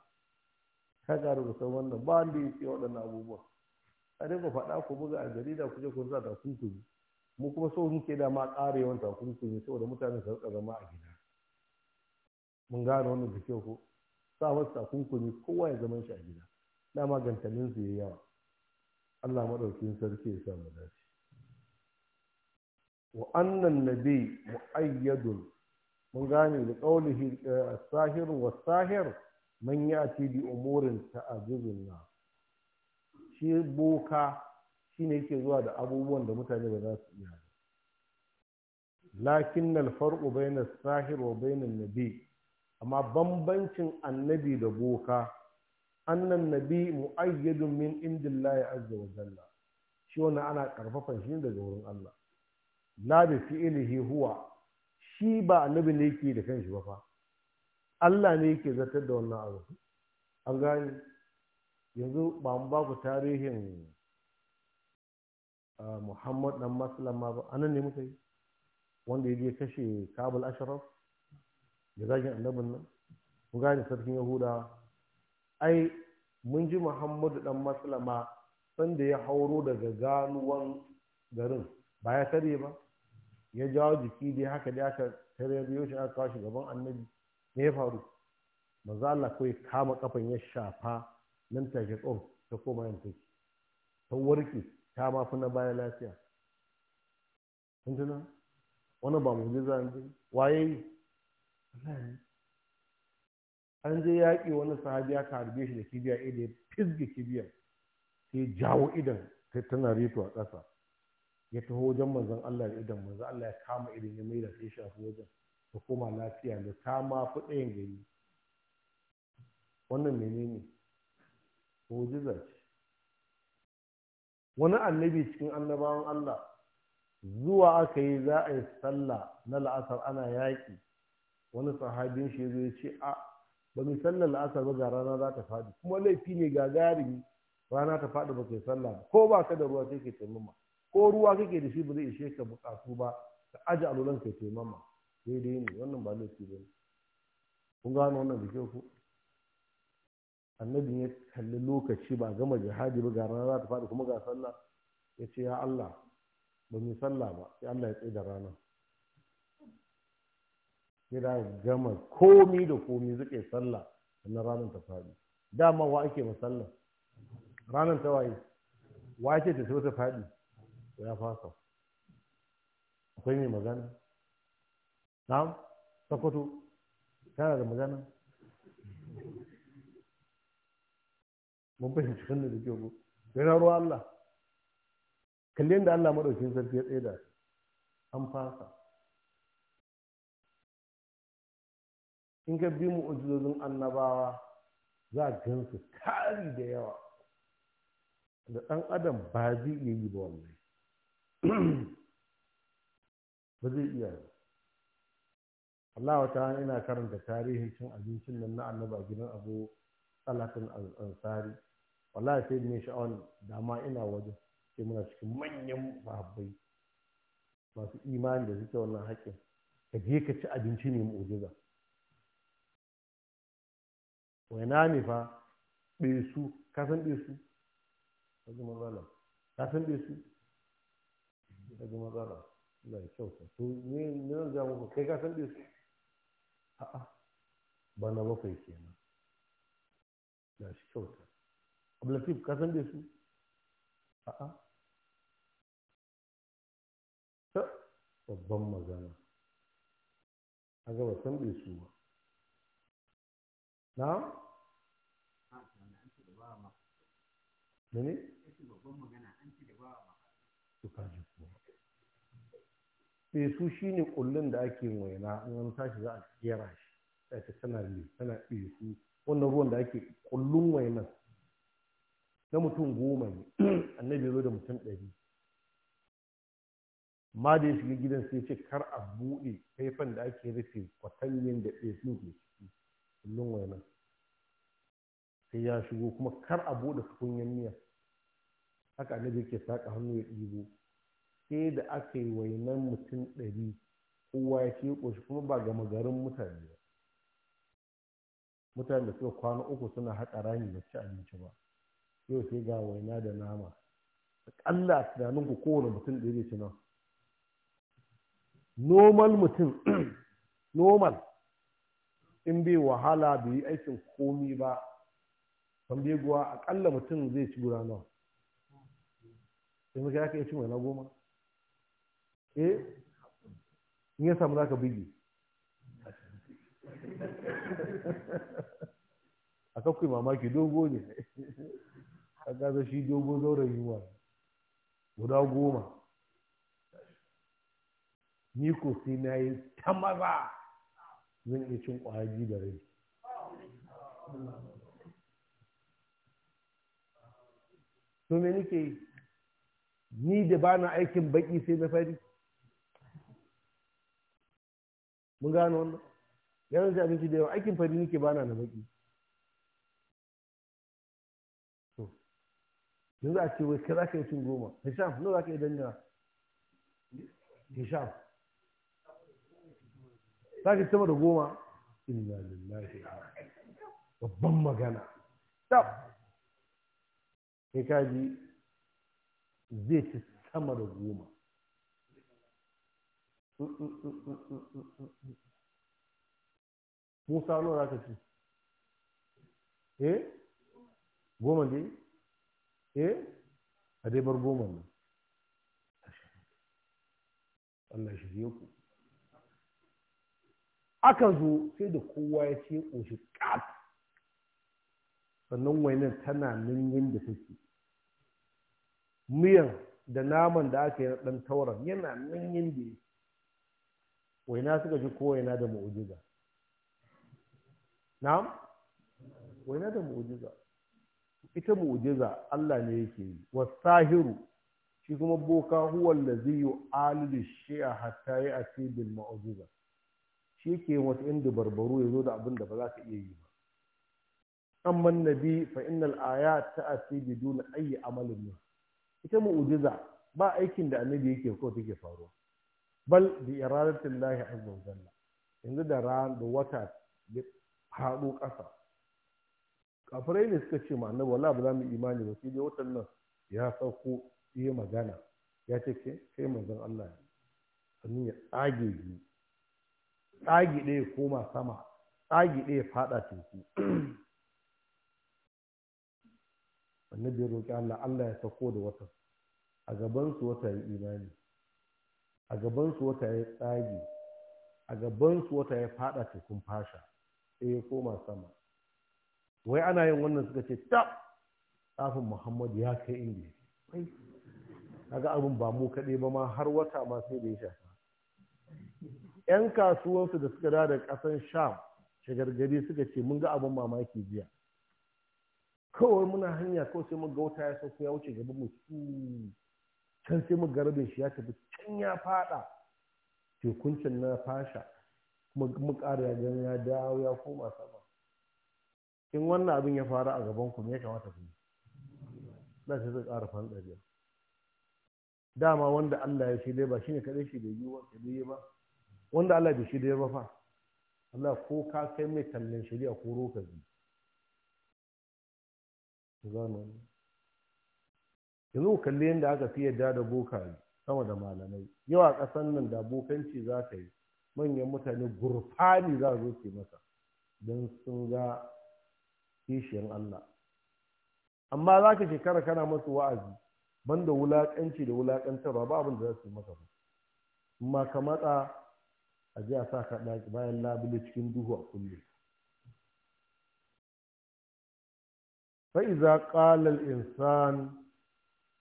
ka karu da san wannan ba wanda ya ce waɗannan abubuwa a dinga faɗa ku buga a jarida ku je ku sa takunkumi mu kuma so muke da ma ƙara yawan takunkumi saboda mutane su rika zama a gida mun gane wannan da kyau ko sa wasu takunkumi kowa ya zama shi a gida na magantanin su yayi yawa Allah madaukin sarki ya sa mu dace wa annan nabi muayyadun mun gane da qaulihi eh, as-sahir was man yati bi umurin ta'ajizunna shi boka shine yake zuwa da abubuwan da mutane ba za su iya ba lakin alfarqu bayna as-sahir wa bayna an-nabi amma bambancin annabi da boka annan nabi mu'ayyadun min indillahi azza wa jalla shi wannan ana karfafan shi daga wurin Allah la bi fi'lihi huwa shi ba annabi ne yake da kanshi ba fa Allah ne yake zartar da wannan abu an gane yanzu ba mu ba ku tarihin ah, Muhammad dan Maslama ba anan ne muka yi wanda ya je kashe Kabul Ashraf da zagin annabin nan ku gane sarkin Yahuda ai mun ji Muhammadu dan Maslama sanda ya hauro daga ganuwan garin ba ya tare ba ya jawo jiki dai haka dai aka tare biyo shi aka kawo shi gaban annabi me ya faru manzo Allah ya kama kafan ya shafa nan ta ga tsof ta koma yin take ta warke ta ma fi na baya lafiya kun wani ba mu mu'jiza an ji waye an je yaƙi wani sahabi ya harbe shi da kibiya idan eh, ya fizge kibiyar sai jawo idan sai tana rito a ƙasa ya taho wajen manzon Allah da idan manzon Allah ya kama idan ya da sai shafi wajen ka koma lafiya da ta ma fi ɗayan gari wannan menene mu'jiza ce wani annabi cikin annabawan Allah zuwa aka yi za a yi sallah na la'asar ana yaƙi wani sahabin shi zai ce a ba mu sallar la'asar ba ga rana za ta faɗi kuma laifi ne gagarumi rana ta faɗi ba kai sallah ko ba ka da ruwa sai ke taimama ko ruwa kake da shi ba zai ishe ka buƙatu ba ka aji alulan kai taimama daidai ne wannan ba laifi ba ne kun gano wannan da ku. ko annabin ya kalli lokaci ba gama jihadi ba ga rana za ta faɗi kuma ga sallah ya ce ya Allah ba mu sallah ba sai Allah ya tsaye da rana sai da gama komi da komi zuke sallah sannan ranar ta faɗi dama wa ake ma sallah ranar ta waye wa ake ta sai ta faɗi ya fasa akwai mai magana na'am sokoto tana da magana mun fahimci wannan da kyau da na ruwa Allah Kallin da Allah maɗaukin sarki ya tsaye da an fasa in ka bi mu'ujizozin annabawa za a gansu tari da yawa da ɗan adam ba zai iya yi ba wannan ba zai iya yi. Allah wata ina karanta tarihin cin abincin nan na annaba gidan abu salatin ansari wallahi sai ne sha'awan dama ina waje sai muna cikin manyan sahabbai masu imani da suke wannan haƙƙin ka je ka ci abinci ne mu'jiza na ne fa su? ka san su? ka ji matsala ka san ka ji matsala Allah ya kyauta to ne ne zan ga muku kai ka san su. a'a bana bakwai nan, ga shi kyauta ablatif ka san su a'a ta babban magana a gaba san bai su ba na? mene? babban magana an ce da ba wa makafi fesu eh, shi ne kullun da ake waina in an tashi za a kera shi ta tana ne tana fesu eh, wannan ruwan da ake kullun waina na mutum goma ne annabi zo da mutum ɗari ma da ya shiga gidan sai ce kar a buɗe faifan da ake rufe kwatanyen da fesu ke ciki kullun waina sai ya shigo kuma kar a buɗe tukunyen miya haka annabi ke saƙa hannu ya ɗibo sai da aka yi wainan mutum ɗari kowa ya ce ƙoshi kuma ba gama garin mutane ba mutane da suka kwana uku suna haƙa rami ba ci abinci ba yau sai ga waina da nama a tunanin ku kowane mutum ɗari ta nan normal mutum normal in bai wahala bai yi aikin komi ba ban bai guwa aƙalla mutum zai ci gura nawa sai muka ya ka iya cin waina goma eh ni ya samu za ka bugi a kakwai mamaki dogo ne a gaza shi dogo zauren yiwuwa guda goma ni ko sai na yi ta maza zan iya cin ƙwaji da rai to me nake yi ni da bana aikin baki sai na fari mun gano wannan yaron sai abinci da yawa aikin fari nike bana na baki to yanzu a ce wai kai zaka yi cin goma hisham nawa zaka yi danna hisham zaka yi sama da goma inna lillahi babban magana tab kai kaji zai ci sama da goma musa nawa za ka ci eh goma ne eh a dai bar goma ne Allah shi biyo ku aka zo sai da kowa ya ce ƙoshi ƙat sannan wainar tana nan yadda take miyan da naman da aka yi na ɗan tauran yana nan yadda yake waina suka ji kowai na da mu'ujiza na'am waina da mu'ujiza ita mu'ujiza Allah ne yake yi wasahiru shi kuma boka huwa allazi yu'alidu shay'a hatta ya'ti bil mu'ujiza shi yake wata inda barbaru yazo da abin da ba za ka iya yi ba amma nabi fa innal ayat ta'ti bidun ayi amalin ita mu'ujiza ba aikin da annabi yake ko take faruwa bal bi iradatin lahi azzawajalla wa yanzu da ran da wata ya haɗu ƙasa kafirai ne suka ce ma annabi wallahi ba za mu imani ba sai dai watan nan ya sauko yi magana ya ce ke kai manzon Allah ne sannan ya tsage biyu tsage ɗaya koma sama tsage ɗaya faɗa teku annabi ya roƙi Allah Allah ya sauko da watan a gabansu wata yi imani a gabansu wata ya tsage a gabansu wata ya fada tekun fasha sai ya koma sama wai ana yin wannan suka ce ta tsafin muhammad ya kai inda kaga abin ba mu kaɗai ba ma har wata ma sai da ya shafa yan kasuwansu da suka da ƙasan sham shagargari suka ce mun ga abin mamaki jiya kawai muna hanya kawai sai mun ga wata ya sauko ya wuce gaba mu can sai magarabin shi ya tafi can ya fada tekun can na fasha kuma mukara ya gani ya dawo ya koma sama in wannan abin ya faru a gaban ku me ya kamata ku na sai zai ƙara fanɗari dama wanda Allah ya shirya ba shine kaɗai shi da yi wa kaɗai ba wanda Allah bai shirya ba fa Allah ko ka kai mai tallan shari'a ko roka zai yanzu ku kalli yadda aka fi yadda da boka sama da malamai yawa ƙasan nan da bokanci za ka yi manyan mutane gurfani za zo ke masa don sun ga kishiyar Allah amma za ka shekara kana masu wa'azi banda wulaƙanci da wulaƙantarwa ba abin da za su yi maka ba amma ka matsa a ji a sa ka bayan labule cikin duhu a kullum fa'iza insan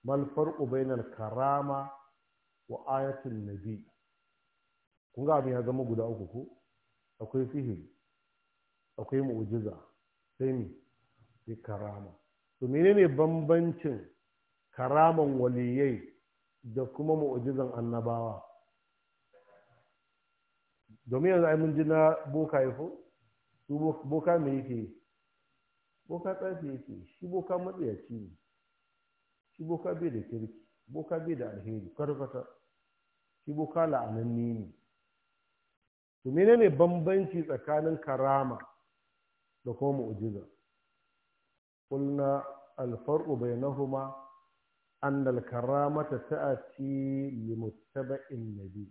mal farqu bainal karama wa ayatul nabi kun ga abin ya zama guda uku ko akwai sihiri akwai mu'jiza sai mi sai karama to menene bambancin karaman waliyai da kuma mu'jizan annabawa domin yanzu ai mun ji na boka yafo su boka me yake boka tsafi yake shi boka matsayaci ne shi boka bai da kirki boka bai da alheri karkata shi boka la'ananni ne to menene bambanci tsakanin karama da kuma mu'jiza kulna al-farqu bainahuma anna al-karamata ta'ati limuttaba'in nabi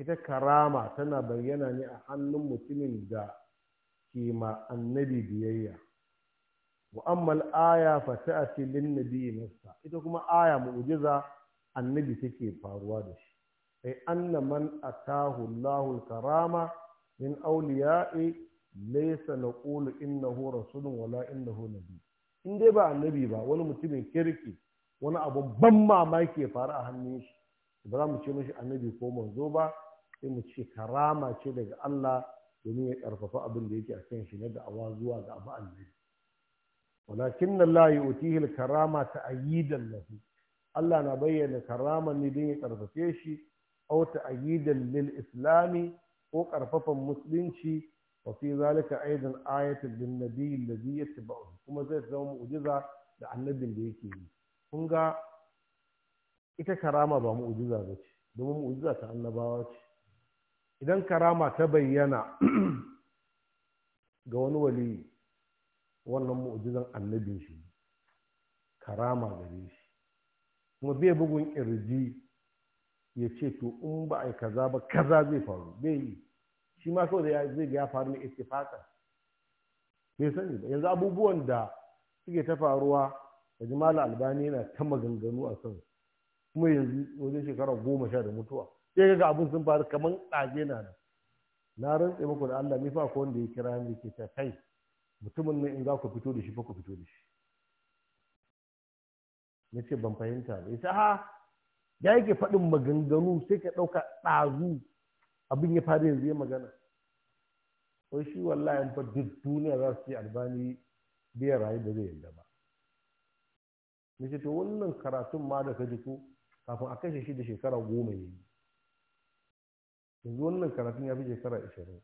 ita karama tana bayyana ne a hannun mutumin da ke ma annabi biyayya wa ammal aya fa a filin nabi nafsa ita kuma aya mu'jiza annabi take faruwa da shi ai anna man atahu Allahu karama min awliya'i laysa naqulu innahu rasulun wala innahu nabi in dai ba annabi ba wani mutumin kirki wani abu ban mamaki ya faru a hannun shi ba za mu ce mashi annabi ko manzo ba sai mu ce karama ce daga Allah domin ya karfafa abin da yake a kan shi na da'awa zuwa ga abu annabi walakin nan layi yu'tihi karama ta ta'yidan lahu Allah na bayyana karama ne don ya karfafe shi aw ta'yidan lil islami ko karfafan musulunci wa fi zalika aidan ayatul lin nabiy alladhi yatba'u kuma zai zama mu'jiza da annabin da yake yi Kunga ita karama ba mu'jiza ba ce domin mu'jiza ta annabawa ce idan karama ta bayyana ga wani waliyi wannan mu'jizan annabin shi karama gare shi kuma bai bugun kirji ya ce to in ba a yi kaza ba kaza zai faru bai yi shi ma kawai zai ga ya faru ne ittifaqa bai sani ba yanzu abubuwan da suke ta faruwa da jimala albani yana ta maganganu a kan kuma yanzu wajen shekara goma sha da mutuwa sai ga abin sun faru kamar ɗage na na rantse muku da Allah ni fa ko wanda ya kira ni ke ta kai mutumin nan in za ku fito da shi fa ku fito da shi na ce ban fahimta ba ya ha ya yake faɗin maganganu sai ka ɗauka ɗazu abin ya fara yanzu ya magana ko shi wallahi fa duk duniya za su yi albani biya rayu da zai yarda ba na ce to wannan karatun ma da ka ji ko kafin a kashe shi da shekara goma ya yi yanzu wannan karatun ya fi shekara ashirin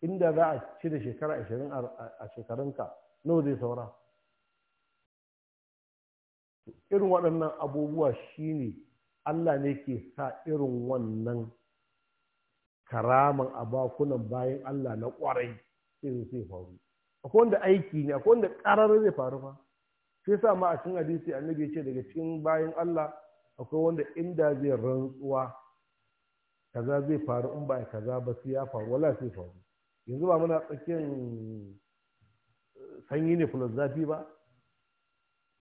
inda za a ci da shekara ashirin a shekarunka nawa zai saura irin waɗannan abubuwa shine allah ne ke sa irin wannan karaman a bakunan bayan allah na ƙwarai sai zai faru akwai wanda aiki ne akwai wanda ƙarar zai faru fa sai sa ma a cikin hadisi annabi ya ce daga cikin bayan allah akwai wanda inda zai rantsuwa kaza zai faru in ba kaza ba sai ya faru wala sai faru yanzu ba muna tsakiyar sanyi ne plus zafi ba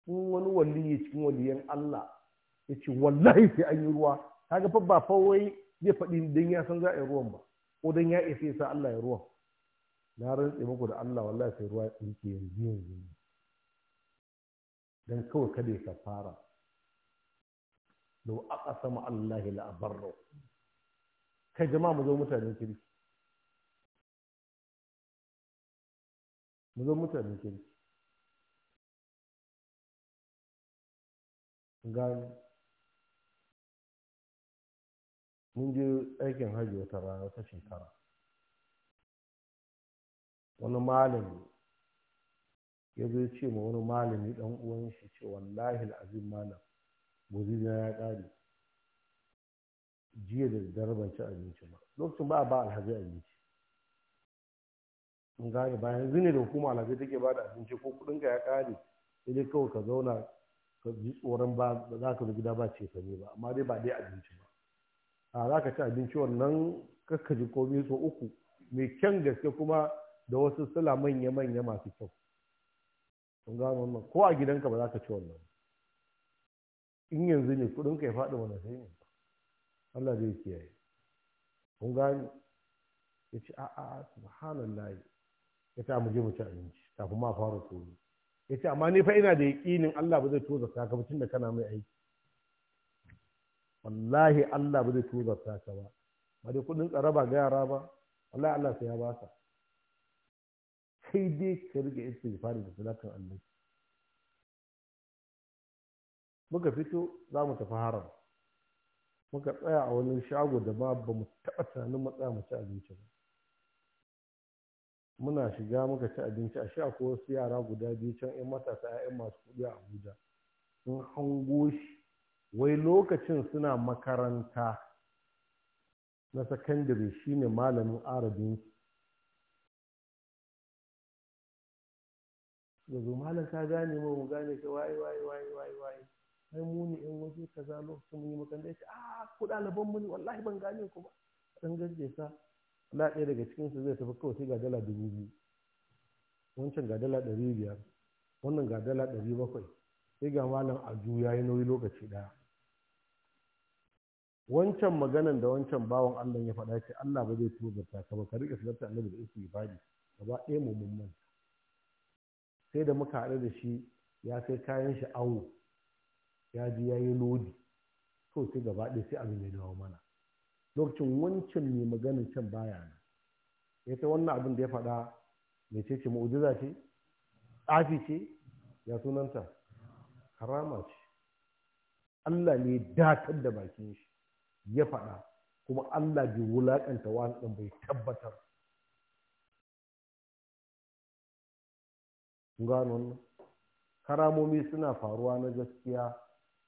in wani waliyi cikin waliyan Allah ya ce wallahi sai an yi ruwa Ta fa ba fawai zai faɗi don ya san za a yi ruwan ba ko don ya isa ya sa Allah ya ruwan na rantse muku da Allah wallahi sai ruwa ya ke yanzu yanzu dan kawai kada ya fara lau sama Allah la abarra kai jama'a mu zo mutanen kirki mu zan mutane kirki gani mun je aikin hajji wata rana ta shekara wani malami ya zo ce ma wani malami dan uwan shi ce wallahi azim malam guzina ya kare jiya da dare ban ci abinci ba lokacin ba a ba alhaji abinci in gane ba yanzu ne da hukuma lafiya take ba da abinci ko kuɗinka ya kare sai dai kawai ka zauna ka ji tsoron ba za ka zo gida ba ce ne ba amma dai ba dai abinci ba a za ka ci abinci wannan kakka ji komai so uku mai kyan gaske kuma da wasu sila manya-manya masu kyau kun gano wannan ko a gidanka ba za ka ci wannan in yanzu ne kuɗinka ya faɗi wani sai ne Allah zai kiyaye kun gane ya ce a'a subhanallahi ya sa mu je mu ci abinci kafin ma fara koyo ya ce amma ni fa ina da yaƙinin Allah ba zai zarta ka tun da kana mai aiki wallahi Allah ba zai zarta ka ba ba dai kudin tsara ba ga yara ba wallahi Allah sai ya ba ka sai dai ka rike fara da salatin annabi muka fito za mu tafi haram muka tsaya a wani shago da ba ba mu taɓa tunanin matsaya mu ci abinci ba muna shiga muka ci abinci a sha ko wasu yara guda biyu can 'yan matasa 'ya'yan masu kuɗi a abuja sun hango shi wai lokacin suna makaranta na sakandare shine malamin arabin da zo malam ka gane mu mu gane ka waye waye waye waye waye ai mu ne in waje kaza lokacin mun yi makaranta ya ce a ah, ku ɗaliban mu ne wallahi ban gane ku ba dan gaske sa da ɗaya daga cikinsu zai tafi kawai sai ga dala dubu biyu wancan ga dala ɗari biyar wannan ga dala ɗari bakwai sai ga malam a juya ya nauyi lokaci ɗaya wancan maganan da wancan bawan allah ya faɗa ce allah ba zai tuba ta ka ba ka riƙe sanarta annabi da isi ibadi gaba ɗaya mummun sai da muka haɗu da shi ya sai kayan shi awo ya ji ya yi lodi to sai gaba ɗaya sai abin ya dawo mana lokacin wancan mai maganin can baya nan ya ta wannan abin da ya faɗa mai ce ce mu'ujiza ce tsafi ce ya sunanta karama ce Allah ne dakar da bakin shi ya faɗa kuma Allah bai wulaƙanta wani ɗan bai tabbatar gano wannan karamomi suna faruwa na gaskiya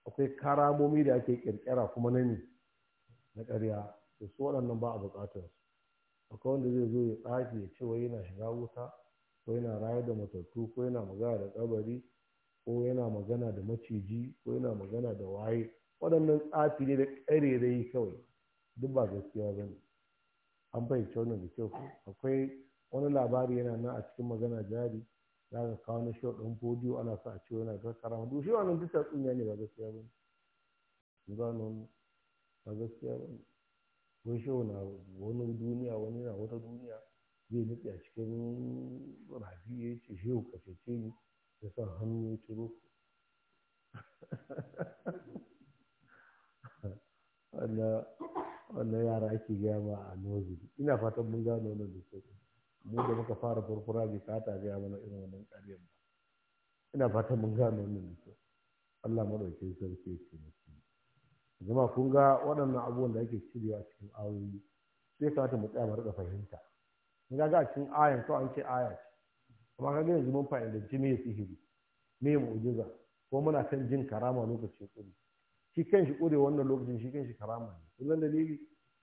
akwai karamomi da ake ƙirƙira kuma na ne na ƙarya to su waɗannan ba a buƙatar su akwai wanda zai zo ya tsafi ya ce wai yana shiga wuta ko yana rayar da matattu ko yana magana da ƙabari, ko yana magana da maciji ko yana magana da waye waɗannan tsafi ne da ƙarerai kawai duk ba gaskiya ba ne an fahimci wannan da kyau akwai wani labari yana nan a cikin magana jari za ka kawo na shi ɗan fodiyo ana sa a ce yana karama Duk shi wannan duk tsunya ne ba gaskiya ba ne ba gaskiya ba ne wani shehu na wani duniya wani na wata duniya zai nutse a cikin rafi ya ce shi ka cece ni ya sa hannu ya ciro wannan yara ake gaya ma a nozi ina fatan mun gano wannan da ke mu da muka fara furfura bai kata gaya mana irin wannan ƙaryar ba ina fatan mun gano wannan da ke Allah maɗaukin sarki ya ce zama kun ga waɗannan abubuwan da ake cirewa cikin ayoyi sai kamata mu tsaya mu riƙa fahimta in ga a cikin ayan kawai an ce aya ce amma ka ga yanzu mun jini ya sihiri me mu'ujiza. ko muna kan jin karama lokacin ƙuri shi shi ƙure wannan lokacin shi kan shi karama ne kullum dalili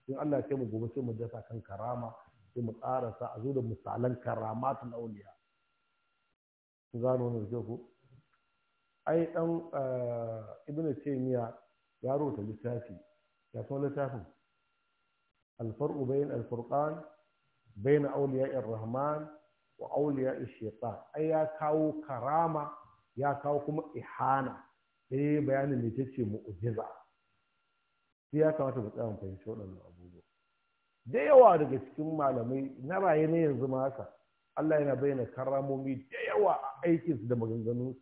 in Allah ya mu gobe sai mu dasa kan karama sai mu karasa, a zo da misalan karamatul auliya ku gano wannan da ko ai dan eh, ibnu taymiya ya rubuta littafi ya so littafin alfar'u bayan bai bayan auliya rahman wa auliya shaitan ai ya kawo karama ya kawo kuma ihana E, bayanin ne ce mu'ujiza. sai ya kamata mu tsaya fahimci waɗannan abubuwa da yawa daga cikin malamai na raye na yanzu ma haka Allah yana bayyana karamomi da yawa a aikinsu da maganganunsu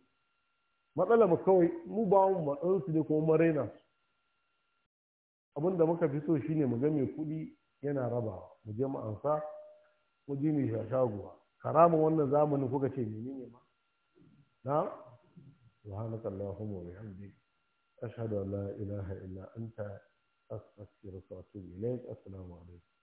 matsalar mu kawai mu ba mu matsansu ne kuma mu raina su abin da muka fi so shine mu ga mai kuɗi yana raba. mu je mu ansa mu je mai shashaguwa haramun wannan zamani kuka ce ne ma na subhanaka allahumma wa bihamdi ashhadu an la ilaha illa anta astaghfiruka wa atubu ilayk assalamu alaikum